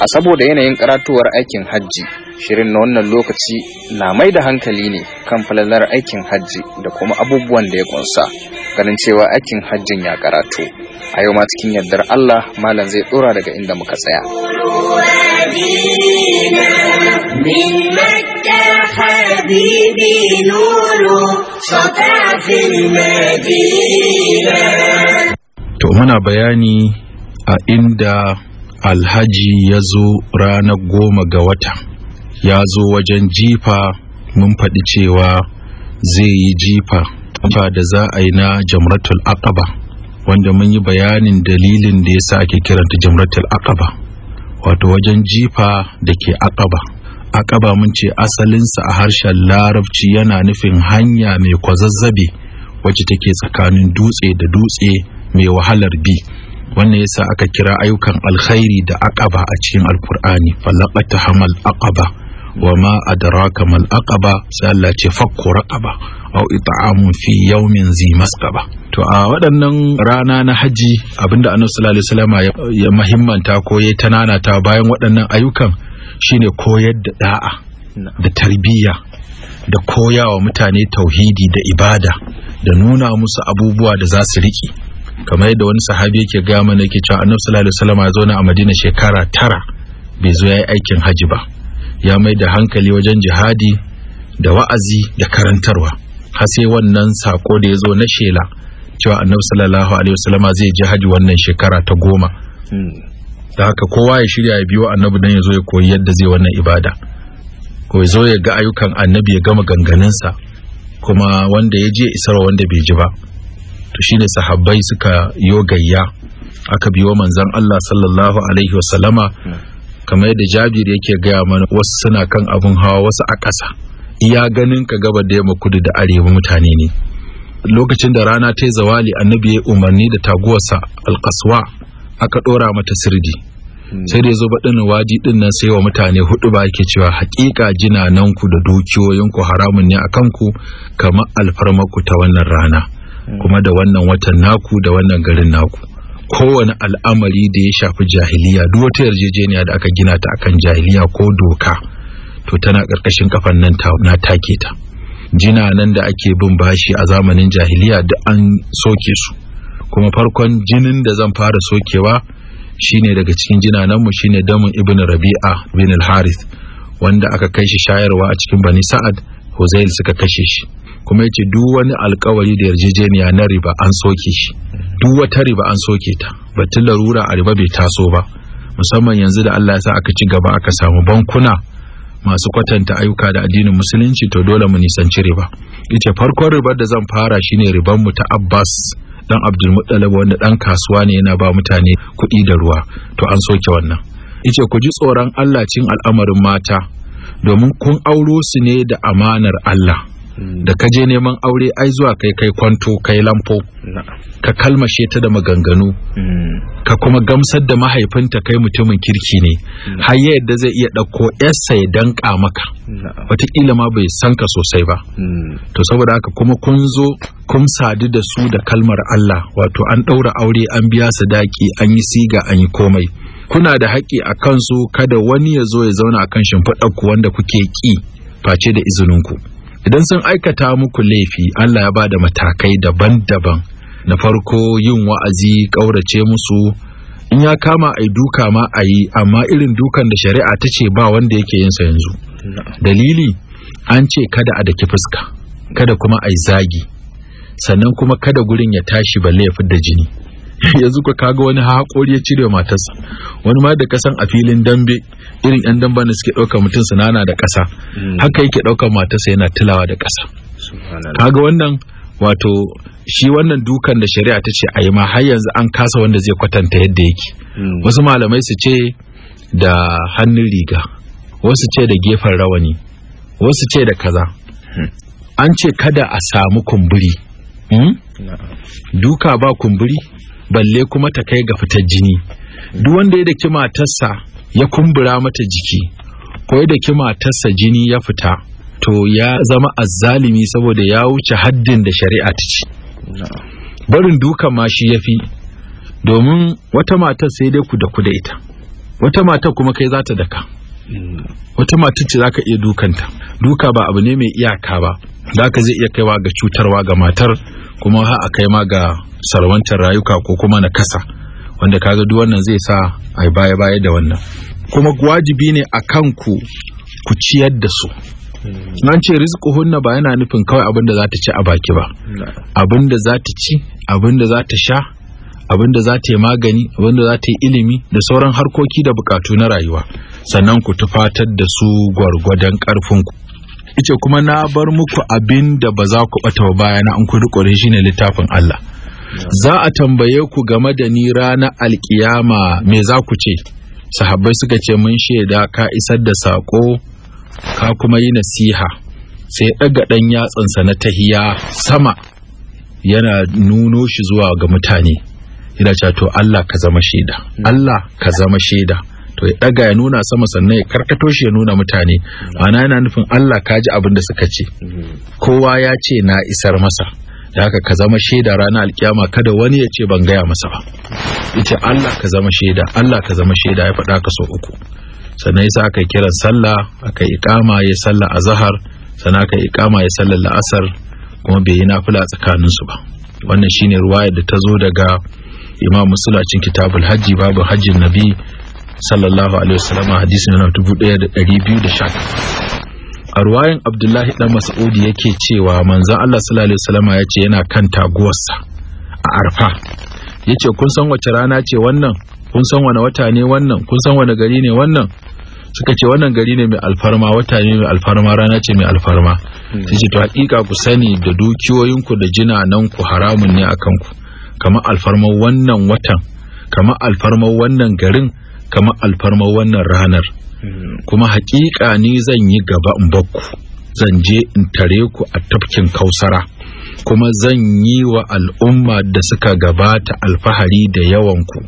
A saboda yanayin karatuwar aikin hajji, shirin na wannan lokaci na mai da hankali ne kan falalar aikin hajji da kuma abubuwan da ya kunsa, ganin cewa aikin hajjin ya karatu. A yau ma cikin yardar Allah, Malam zai tsora daga inda muka tsaya. to muna bayani a inda alhaji ya zo ranar goma ga wata ya zo wajen jifa mun faɗi cewa zai yi jifa jifa da za a yi na jamratul aqaba wanda mun yi bayanin dalilin da ya sa ake kiranta jamratul aqaba wato wajen jifa da ke aqaba aqaba mun ce asalinsa a harshen larabci yana nufin hanya mai kwazazzabe wacce take tsakanin dutse da dutse mai wahalar bi wannan yasa aka kira ayyukan alkhairi da aqaba a cikin alkur'ani falaqata hamal aqaba wa ma adraka mal aqaba sai Allah ce fakku raqaba aw it'amun fi yawmin zi masqaba to a waɗannan rana na haji abinda annabi sallallahu alaihi wasallama ya muhimmanta ko ya tanana ta bayan waɗannan ayyukan shine koyar da da'a da tarbiyya da koyawa mutane tauhidi da ibada da nuna musu abubuwa da za su riƙe kamar yadda wani sahabi yake gaya mana yake cewa annabi sallallahu alaihi wasallam ya zauna a Madina shekara tara bai zo yayi aikin haji ba ya mai da hankali wajen jihadi da wa'azi da karantarwa har sai wannan sako da ya zo na shela cewa annabi sallallahu alaihi wasallam zai je haji wannan shekara ta goma da haka kowa ya shirya ya biyo annabi dan ya zo ya koyi yadda zai wannan ibada ko ya zo ya ga ayyukan annabi ya gama ganganinsa kuma wanda ya je isarwa wanda bai ji ba to shine sahabbai suka yo gayya aka biyo manzon Allah sallallahu alaihi wasallama kamar yadda Jabir yake gaya mana wasu suna kan abun hawa wasu a ƙasa iya ganin ka gaba da yamma kudu da arewa mutane ne lokacin da rana ta zawali annabi ya umarni da taguwarsa alkaswa aka ɗora mata sirdi sai da ya zo baɗin waji ɗin nan sai wa mutane hudu ba yake cewa hakika nanku da dukiyoyinku haramun ne a kanku kamar alfarmaku ta wannan rana kuma da wannan watan naku da wannan garin naku kowane al'amari da ya shafi jahiliya duk wata yarjejeniya da aka gina ta akan jahiliya ko doka to tana ƙarƙashin kafan nan na take ta jina nan da ake bin bashi a zamanin jahiliya da an soke su kuma farkon jinin da zan fara sokewa shine daga cikin jina jinananmu shine damun ibn rabi'a bin al-harith wanda aka kai shi shayarwa a cikin bani sa'ad huzail suka kashe shi kuma yace duk wani alkawari da yarjejeniya na riba an soke shi duk wata riba an soke ta batun larura a riba bai taso ba musamman yanzu da Allah ya sa aka ci gaba aka samu bankuna masu kwatanta ayyuka da addinin musulunci to dole mu nisanci riba yace farkon ribar da zan fara shine riban mu ta Abbas dan Abdul Muttalib wanda dan kasuwa ne yana ba mutane kuɗi da ruwa to an soke wannan yace ku ji tsoron Allah cin al'amarin mata domin kun auro su ne da amanar Allah da ka je neman aure ai zuwa kai kai kwanto kai lamfo ka kalmashe ta da maganganu mm. ka kuma gamsar da mahaifinta kai mutumin kirki ne har yadda zai iya ɗauko yarsa ya danka maka wataƙila ma bai san ka sosai ba mm. to saboda haka kuma kun zo kun sadu da su da kalmar Allah wato an ɗaura aure an biya sadaki an yi siga an yi komai kuna da haƙƙi a kansu kada wani ya zo ya zauna a kan shimfiɗar ku wanda kuke ƙi face da izinin ku idan sun aikata muku laifi Allah ya ba da matakai daban-daban na farko yin wa'azi ƙaurace musu in ya kama ai duka ma a yi amma irin dukan da shari'a ta ce ba wanda yake yin sa yanzu dalili an ce kada a daki fuska kada kuma a yi zagi sannan kuma kada gurin ya tashi ba laifin da jini yanzu ka kaga wani haƙori ya cire matarsa wani ma da kasan a filin dambe irin yan damba ne suke ɗaukar mutum nana da ƙasa hmm. haka yake ɗaukar matarsa yana tilawa da ƙasa kaga wannan wato shi wannan dukan da shari'a ta ce a yi ma har yanzu an kasa wanda zai kwatanta yadda yake hmm. wasu malamai su ce da hannun riga wasu ce da gefen rawani wasu ce da kaza hmm. an ce kada a samu kumburi duka ba kumburi balle kuma ta kai ga fitar jini duk wanda ya daki matarsa ya kumbura mata jiki ko ya daki matarsa jini ya fita to ya zama azzalimi saboda ya wuce haddin da shari'a ta ci barin dukan ma shi yafi domin wata matar sai dai ku da ku da ita wata matar kuma kai za ta daka wata matar ce za ka iya dukanta duka ba abu ne mai iyaka ba za ka zai iya kaiwa ga cutarwa ga matar kuma ha a kai ma ga salwantar rayuka ko kuma na kasa wanda kaga duk wannan zai sa a baya baya da wannan kuma wajibi ne a kanku ku ciyar da su nan hmm. ce hunna ba yana nufin kawai abinda da za ta ci a baki ba hmm. abin za ta ci abin za ta sha abin za ta yi magani abin za ta yi ilimi da sauran harkoki da bukatu na rayuwa sannan ku tufatar da su gwargwadon ku. ita kuma na bar muku abin da ba za ku ɓata baya na an ku riƙore shi ne littafin Allah za a tambaye ku game da ni ranar alkiyama me za ku ce sahabbai suka ce mun shaida ka isar da saƙo ka kuma yi nasiha sai ɗaga ɗan yatsansa na tahiya sama yana nuno shi zuwa ga mutane Ina cewa to Allah ka zama shaida Allah ka zama shaida to ya daga ya nuna sama sannan ya karkato shi ya nuna mutane ma'ana yana nufin Allah ka ji abin da suka ce kowa ya ce na isar masa da haka ka zama shaida ranar alkiyama kada wani ya ce ban gaya masa ba ita Allah ka zama shaida Allah ka zama shaida ya faɗa ka so uku sannan yasa aka kiran sallah aka iqama ya sallah azhar sannan aka iqama ya sallar la'asar kuma bai yi nafila tsakanin su ba wannan shine ruwayar da ta zo daga Imam musulacin Kitabul Hajji babu hajjin Nabi sallallahu alaihi wasallam hadisi na 1210 a ruwayin abdullahi dan mas'udi yake cewa manzon Allah sallallahu alaihi wasallam ya ce yana kan taguwarsa a arfa yace kun san wace rana ce wannan kun san wani wata ne wannan kun san wani gari ne wannan suka ce wannan gari ne mai alfarma wata ne mai alfarma rana ce mai alfarma hmm. sai ce to hakika ku sani da dukiyoyinku da nan ku haramun ne akan ku kamar alfarmar wannan watan kamar alfarmar wannan garin kamar alfarma wannan ranar kuma haƙiƙa ni zan yi gaba in bar ku zan je in tare ku a tafkin kausara kuma zan yi wa al'umma da suka gabata alfahari da yawan ku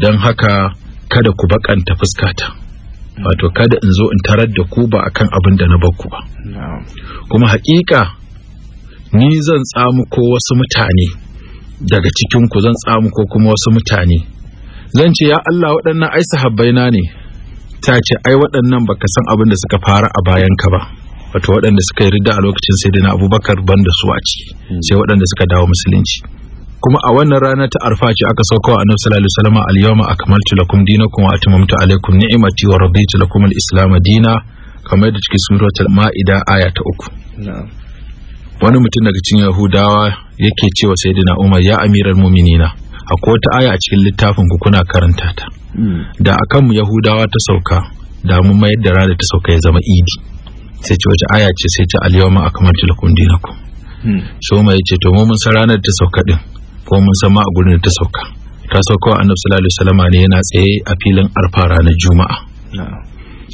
don haka kada ku bakanta fuskata wato kada in zo in tarar da ku ba akan abin da na bakku ba kuma haƙiƙa ni zan ko wasu mutane daga cikin ku zan ko kuma wasu mutane zan ce ya Allah waɗannan ai sahabbaina ne ta ce ai waɗannan baka san abin da suka fara a bayan ka ba wato waɗanda suka yi ridda a lokacin sai abubakar ban da su a ci. Hmm. sai waɗanda suka dawo musulunci kuma a wannan rana ta arfa ce aka sauka wa annabi sallallahu alaihi wasallam al-yawma akmaltu lakum dinakum wa atmamtu alaykum ni'mati wa raditu lakum al-islam dina kamar da cikin suratul ma'ida aya ta uku wani mutum daga cikin yahudawa yake cewa sayyidina umar ya amiral mu'minina akwai wata aya a cikin littafin ku kuna karanta ta hmm. da akan mu yahudawa ta sauka da mu mayar da rana ta sauka ya zama idi sai ce wace aya ce sai ce alyawma akmaltu lakum dinakum hmm. so mai ce to mu mun san ranar ta sauka din ko mun san ma a gurin da ta sauka ta sauka annabi sallallahu alaihi wasallam ne yana tsaye a filin arfa ranar juma'a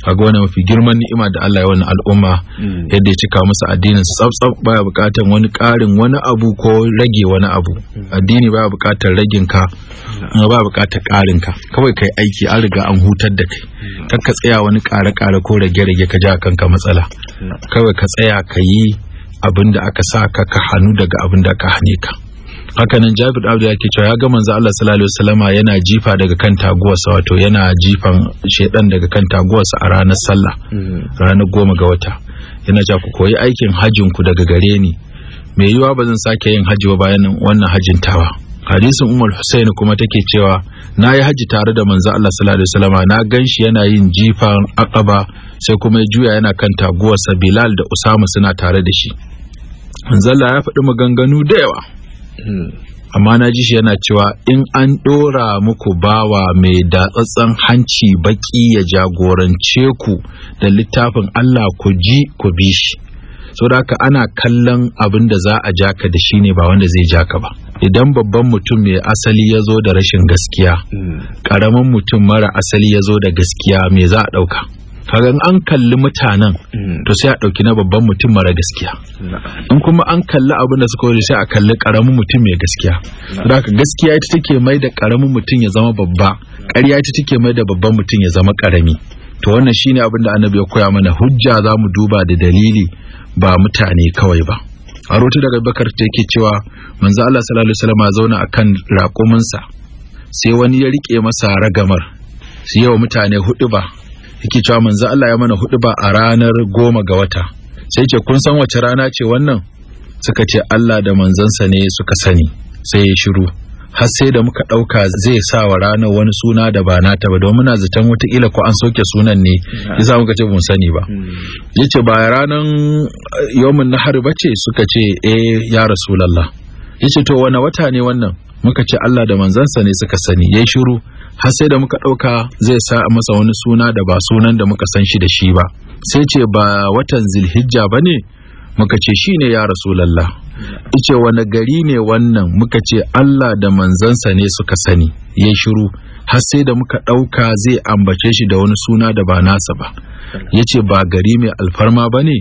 kaga wani mafi girman ni'ima da Allah ya wani al'umma hmm. yadda ya cika musu addinin su baya bukatar wani karin wani abu ko rage wani abu hmm. addini baya bukatar ragin ka hmm. baya bukatar karin ka kawai kai aiki an riga an hutar da kai kar ka tsaya wani kare kare ko rage rage ka ja kanka matsala kawai ka tsaya ka yi abin da aka saka ka ka hannu daga abin da ka hane ka hakanan jabir abdu ya ke cewa ya ga manzo Allah sallallahu alaihi wasallama yana jifa daga kan taguwarsa wato yana jifan shedan daga kan taguwarsa a ranar sallah mm. ranar goma ga wata yana cewa ku koyi aikin hajjin ku daga gare ni me yiwa ba zan sake yin hajji ba bayan wannan hajjin tawa hadisin umar husaini kuma take cewa na yi hajji tare da manzo Allah sallallahu alaihi wasallama na ganshi yana yin jifan aqaba sai kuma ya juya yana kan taguwarsa bilal da usama suna tare da shi manzo Allah ya faɗi maganganu da yawa Mm. amma na ji shi yana cewa in an ɗora muku bawa mai datsatsan hanci baki ya jagorance ku da littafin Allah ku ji ku bi shi saboda ana kallon abin da za a jaka da shi ne ba wanda zai jaka ba idan babban mutum mai asali ya zo da rashin gaskiya mm. ƙaramin mutum mara asali ya zo da gaskiya me za a ɗauka kaga an kalli mutanen mm. to sai a ɗauki na babban mutum mara gaskiya in kuma an kalli abin da suka wuce sai a kalli karamin mutum mai gaskiya haka gaskiya ita take mai da ƙaramin mutum ya zama babba ƙarya ita take mai da babban mutum ya zama ƙarami to wannan shine abin da annabi ya koya mana hujja za mu duba da dalili ba mutane kawai ba a rota daga bakar ta yake cewa manzo Allah sallallahu alaihi wasallam zauna akan sa sai wani ya rike masa ragamar sai yawa mutane hudu ba yake cewa manzo Allah ya mana hudu ba a ranar goma ga wata sai ce kun san wace rana ce wannan suka ce Allah da manzansa ne suka sani sai ya shiru har sai da muka ɗauka zai sa wa ranar wani suna da ba nata ba domin muna zaton ila ko an soke sunan ne yasa muka ce mun sani ba hmm. yace ba ranar eh, yawmin nahar bace suka ce eh ya rasulullah yace to wani wata ne wannan muka ce Allah da manzansa ne suka sani yayi shiru har sai da muka ɗauka zai sa masa wani suna da ba sunan da muka san shi da shi ba sai ce ba watan zilhijja bane muka ce shi ne ya rasulallah ice wani gari ne wannan muka ce Allah da manzansa ne suka sani ya shiru har sai da muka ɗauka zai ambace shi da wani suna da ba nasa ba ya ce ba gari mai alfarma ba ne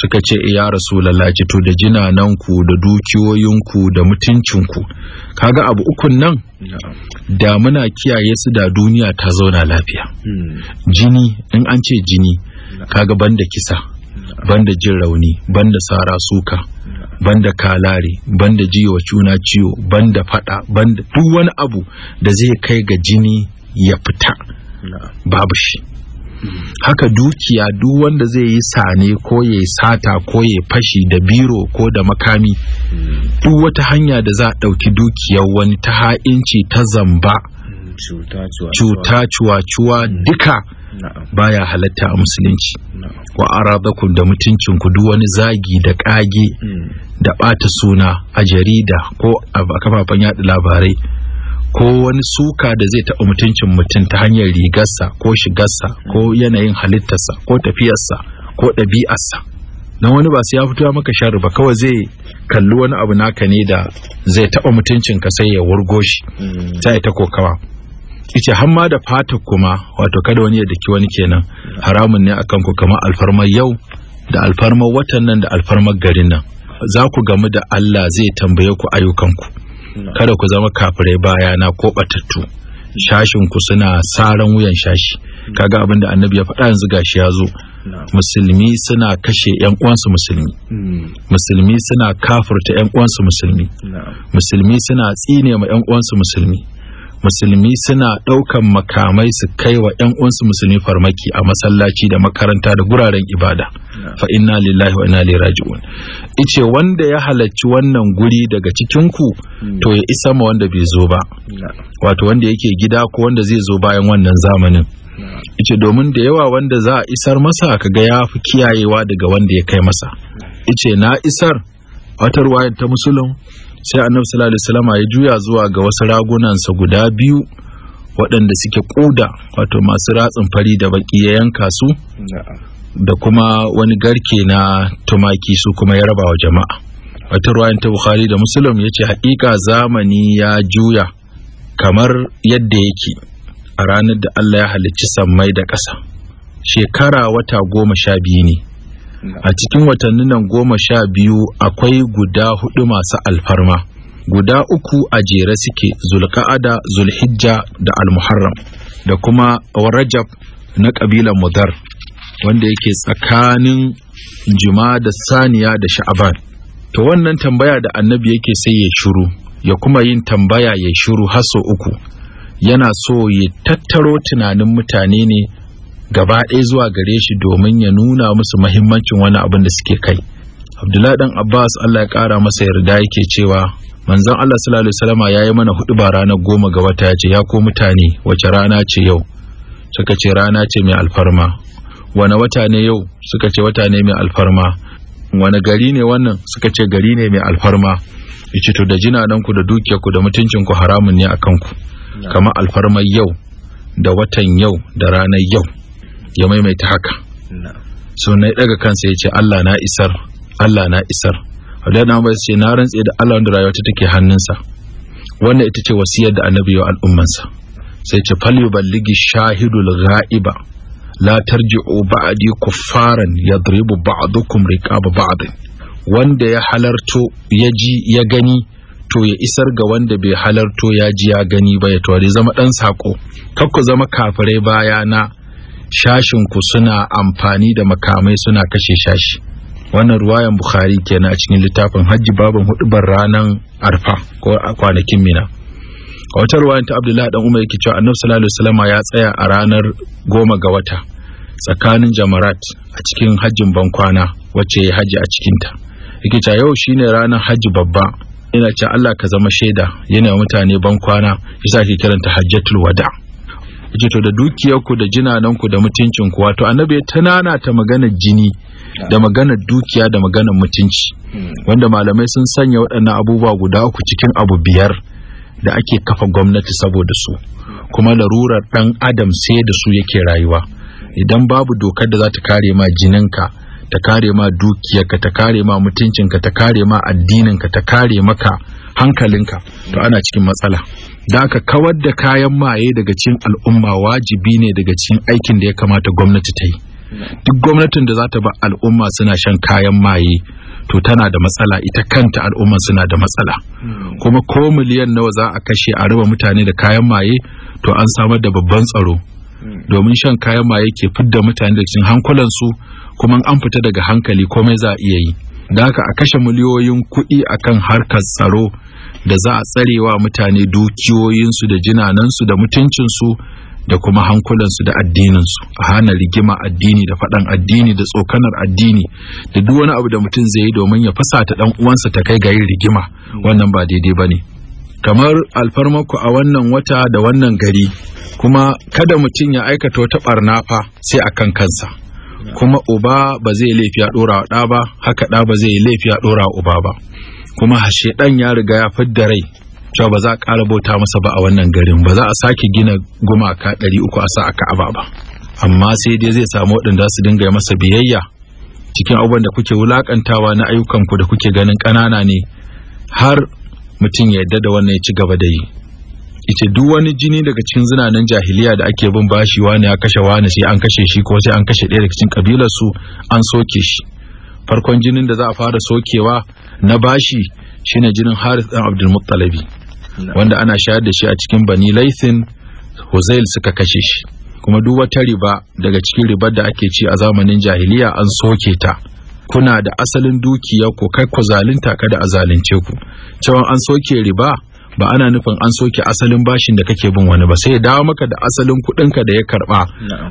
suka ce eh, ya rasu ce to da jinananku da dukiyoyinku da mutuncinku kaga abu ukun nan da muna kiyaye su da duniya ta zauna lafiya hmm. jini in an ce jini kaga banda kisa banda jin rauni banda sara suka banda kalare banda jiwa cuna ciwo banda fada banda duk wani abu da zai kai ga jini ya fita babu shi haka dukiya duk wanda zai yi sane ko ya sata ko ya fashi da biro ko da makami duk wata hanya da za a ɗauki dukiyar wani ta ha'inci ta zamba cuta cuwa-cuwa duka baya halatta a musulunci wa arabakum da mutuncin ku duk wani zagi da kage hmm. da bata suna a jarida ko a kafafen yada labarai ko wani suka da zai taɓa mutuncin mutum ta hanyar rigarsa ko shigarsa ko hmm. yanayin halittarsa ko tafiyarsa ko ɗabi'arsa don wani ba sai ya fito maka sharri ba kawai zai kalli wani abu naka ne da zai taɓa mutuncinka sai ya wurgo shi hmm. sai ta kokawa yace hamma da fata kuma wato kada wani ya daki wani kenan haramun ne akan ku kamar alfarmar yau da alfarmar watan nan da alfarmar garin nan za ku gamu da Allah zai tambaye ku ayyukanku kada ku zama kafirai baya na ko batattu shashin ku suna saran wuyan shashi kaga abin da annabi ya faɗa yanzu gashi ya zo musulmi suna kashe yan uwansu musulmi hmm. musulmi suna kafirta yan uwansu musulmi musulmi suna tsine ma yan uwansu musulmi musulmi suna ɗaukan makamai su kai wa ‘yan uwansu musulmi farmaki a masallaci da makaranta da guraren ibada fa inna lillahi wa inna ilaihi raji'un ice wanda ya halarci wannan guri daga cikin ku hmm. to ya isa ma wanda bai zo ba wato wanda yake gida ko wanda zai zo bayan wannan zamanin ice domin da yawa wanda za a isar masa ka ga ya fi kiyayewa daga wanda ya kai masa ice na isar wata ta musulun sai annabi sallallahu alaihi wasallam ya juya zuwa ga wasu ragunansa guda biyu waɗanda suke ƙuda wato masu ratsin fari da baki ya yanka su da kuma wani garke na tumaki su kuma ya raba wa jama'a wata ruwayan ta bukhari da muslim ya ce haƙiƙa zamani ya juya kamar yadda yake a ranar da allah ya halicci sammai da ƙasa shekara wata goma sha biyu ne a cikin watannin nan goma sha biyu akwai guda hudu masu alfarma guda uku a jere suke zulka'ada zulhijja da almuharram da kuma rajab na ƙabilar mudar wanda yake tsakanin juma da saniya da sha'aban to wannan tambaya da annabi yake sai ya shuru ya kuma yin tambaya ya shuru haso uku yana so ya tattaro tunanin mutane ne gaba ɗaya zuwa gare shi domin ya nuna musu mahimmancin wani abin da suke kai abdullahi dan abbas allah ya ƙara masa yarda yake cewa manzon allah sallallahu alaihi wasallama ya yi mana hudu ba ranar goma ga wata ya ce ya ko mutane wace rana ce yau suka ce rana ce mai alfarma wani wata ne yau suka ce wata ne mai alfarma wani gari ne wannan suka ce gari ne mai alfarma yace to da jinananku da dukiyarku da mutuncinku haramun ne a kanku kamar alfarmar yau da watan yau da ranar yau ya maimaita haka so na daga kansa ya ce Allah na isar Allah na isar Abdullahi na ce na rantse da Allah wanda rayuwa ta take hannunsa wannan ita ce wasiyar da annabi ya al'ummansa sai ce fal balligi shahidul ra'iba la tarji'u ba'di kuffaran yadribu ba'dukum riqaba ba'd wanda ya halarto ya ji ya gani to ya isar ga wanda bai halarto ya ji ya gani ba ya tawari zama dan sako kar ku zama kafirai baya na shashinku suna amfani da makamai suna kashe shashi wannan ruwayan bukhari kenan a cikin littafin hajji babin hudubar ranar arfa ko a kwanakin mina a wata ruwayan ta abdullahi dan umar yake cewa annabi sallallahu alaihi wasallam ya tsaya a ranar goma ga wata tsakanin jamarat a cikin hajjin bankwana wacce ya haji a cikinta yake cewa yau shine ranar hajji babba yana cewa Allah ka zama shaida yana mutane bankwana yasa ke kiranta hajjatul wada' ce to da dukiyarku da jinananku da mutuncinku wato annabi ya tanana ta maganar jini da maganar dukiya da maganar mutunci hmm. wanda malamai sun sanya waɗannan abubuwa guda uku cikin abu biyar da ake kafa gwamnati saboda su kuma larurar ɗan adam sai da su yake rayuwa idan babu dokar da za ta kare ma jininka ta kare ma dukiyarka ta kare ma mutuncinka ta kare ma addininka ta kare maka hankalinka to ana cikin matsala da aka kawar da kayan maye daga cikin al'umma wajibi ne daga cikin aikin da ya kamata gwamnati ta yi duk gwamnatin da za ta ba al'umma suna shan kayan maye to tana da matsala ita kanta al'umma suna da matsala kuma ko miliyan nawa za a kashe a raba mutane da kayan maye to an samar da babban tsaro domin shan kayan maye ke fidda mutane da cikin hankulansu kuma an fita daga hankali komai za a iya yi da haka a kashe miliyoyin kuɗi akan harkar tsaro da za a wa mutane dukiyoyinsu da jinanansu da mutuncinsu da kuma hankulansu da addininsu a hana rigima addini da faɗan addini da tsokanar addini da duk wani abu da mutum zai yi domin ya fasa ta ɗan uwansa ta kai ga yin rigima wannan ba daidai ba ne kamar alfarmarku a wannan wata da wannan gari kuma kada mutum ya aikata wata barna fa sai akan kansa kuma uba ba zai laifi a ɗora wa ɗa ba haka ɗa ba zai laifi a ɗora uba ba kuma shedan ya riga ya fidda rai cewa ba za a ƙara bauta masa ba a wannan garin ba za a sake gina gumaka ɗari uku a sa a ka'aba ba amma sai dai zai samu waɗanda su dinga masa biyayya cikin abubuwan da kuke wulakantawa na ayyukan ku da kuke ganin ƙanana ne har mutum ya yarda da wannan ya ci gaba da yi ita duk wani jini daga cikin zinanan jahiliya da ake bin bashi wani ya kashe wani sai an kashe shi ko sai an kashe ɗaya daga cikin kabilar su an soke shi farkon jinin da za a fara sokewa na bashi shine jinin Haris dan Abdul wanda ana shayar da shi a cikin Bani laifin Huzail suka kashe shi kuma duk wata riba daga cikin ribar da ake ci a zamanin jahiliya an soke ta kuna da asalin dukiya ko kai ku zalunta kada a zalunce ku cewa an soke riba ba ana nufin an soke asalin bashin da kake bin wani ba sai ya dawo maka da asalin kuɗinka da ya karba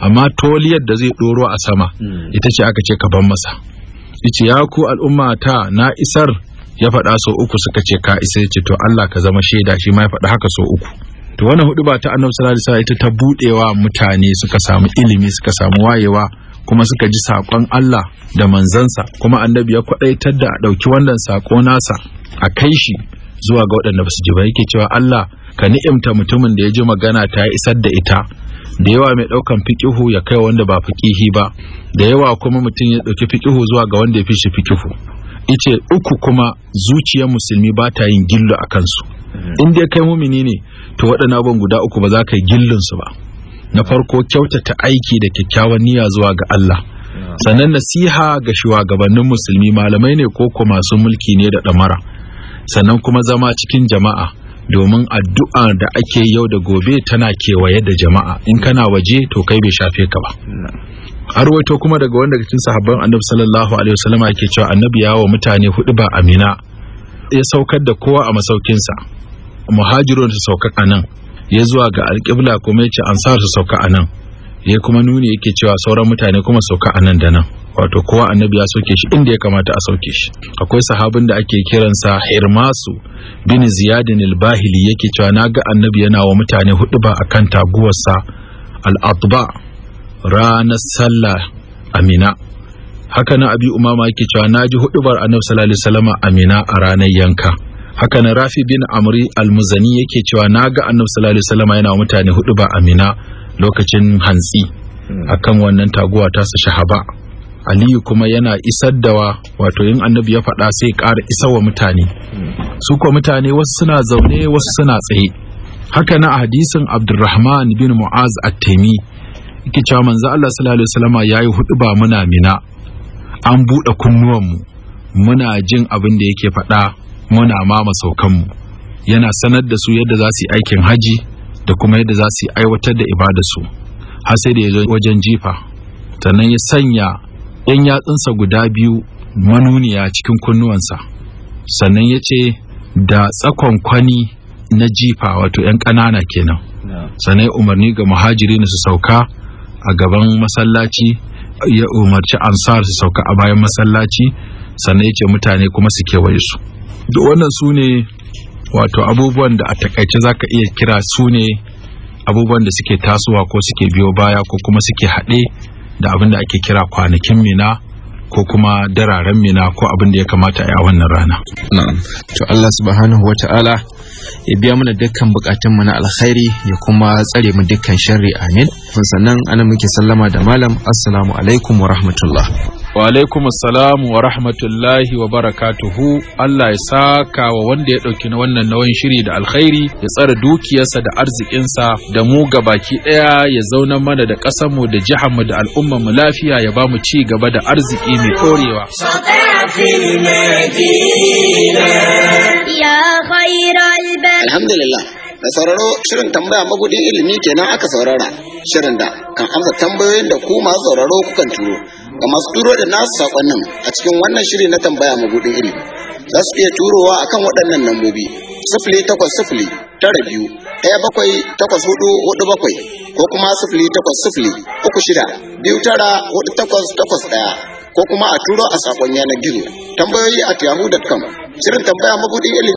amma toliyar da zai ɗoro a sama hmm. ita ce aka ce ka ban masa ce ya ku al'umma ta na isar ya faɗa so uku suka ce ka isa ya ce to Allah ka zama shaida shi ma ya faɗa haka so uku to wannan hudu ba ta annabi sallallahu alaihi wasallam ita ta budewa mutane suka samu ilimi suka samu wayewa kuma suka ji sakon Allah da manzansa kuma annabi ya kwadaitar da a dauki wannan sako nasa a kai shi zuwa ga waɗanda ba su ji ba yake cewa Allah ka ni'imta mutumin da ya ji magana ta isar da ita da yawa mai daukan fikihu ya kai wanda ba fikihi ba da yawa kuma mutum ya dauki fikihu zuwa ga wanda ya fi shi fikihu ice uku kuma zuciyar musulmi ba ta yin gillu a kansu mm. in dai kai mumini ne to waɗannan ban guda uku ba za ka yi gillun su ba na farko kyautata aiki da kyakkyawan niyya zuwa ga Allah mm. sannan nasiha ga shugabannin musulmi malamai ne ko masu mulki ne da ɗamara sannan kuma zama cikin jama'a domin addu'a da ake yau da gobe tana kewaye da jama'a in kana waje to kai bai shafe ka ba har wato kuma daga wanda cikin sahabban annabi sallallahu alaihi wasallam yake cewa annabi ya wa mutane hudu ba amina ya saukar da kowa a masaukin sa muhajirun su sauka a nan ya zuwa ga alqibla kuma ya ce ansar su sauka a nan ya kuma nuni yake cewa sauran mutane kuma sauka anan da nan wato kowa annabi ya sauke shi inda ya kamata a sauke shi akwai sahabin da ake kiransa hirmasu bin ziyadin albahili yake cewa na ga annabi yana wa mutane hudu ba akan taguwarsa al'adba ranar sallah amina haka na abi umama yake cewa na hudu hudubar annabi sallallahu alaihi amina a ranar yanka haka na rafi bin amri almuzani yake cewa naga annabi sallallahu alaihi wasallam yana wa mutane hudu ba amina lokacin hantsi akan wannan taguwa ta su shahaba aliyu kuma yana isar da wa wato yin annabi ya faɗa sai ƙara isar wa mutane su kuwa mutane wasu suna zaune wasu suna tsaye haka na hadisin abdurrahman bin mu'az at-taimi yake cewa manzo Allah sallallahu alaihi wasallama yayi ba muna mina an buɗe mu muna jin abin da yake faɗa muna mama mu yana sanar da su yadda za su yi aikin haji da kuma yadda za su yi aiwatar da ibadarsu har sai da ya zo wajen jifa sannan ya sanya 'yan yatsunsa guda biyu manuniya cikin kunnuwansa sannan ya ce da tsakon kwani na jifa wato 'yan ƙanana kenan Sannan ya umarni ga muhajiri su sauka a gaban masallaci ya umarci ansar su sauka a bayan masallaci sannan ya ce mutane kuma su kewaye su duk wannan su ne wato abubuwan da a takaice za ka iya kira su ne abubuwan da suke tasowa ko suke biyo baya ko kuma suke haɗe da abin da ake kira kwanakin mina ko kuma dararen mina ko abin da ya kamata a a wannan rana. To Allah subhanahu wata'ala ya biya mana dukkan bukatun mu na alkhairi ya kuma tsare mu dukkan sharri amin. Sannan ana muke sallama da malam assalamu alaikum wa rahmatullah. wa salam wa rahmatullahi wa barakatuhu Allah ya saka wa wanda ya ɗauki na wannan nawan shiri da alkhairi ya tsara dukiyarsa da arzikinsa da mu baki ɗaya ya zauna mana da ƙasarmu da jihanmu da al'ummarmu lafiya ya ba mu ci gaba da arziki mai ɗorewa. Alhamdulillah. da sauraro shirin tambaya magudin ilimi kenan aka saurara shirin da kan amsa tambayoyin da ku masu sauraro kukan turo ga masu turo da nasu saƙonnin, a cikin wannan shiri na tambaya mabudin ilimi za su iya turowa akan waɗannan lambobi sifili takwas sifili tara biyu ɗaya bakwai takwas hudu hudu bakwai ko kuma sifili takwas sifili uku shida biyu tara hudu takwas takwas ɗaya ko kuma a turo a sakon yanar gizo tambayoyi at yahoo.com shirin tambaya mabudin ilimi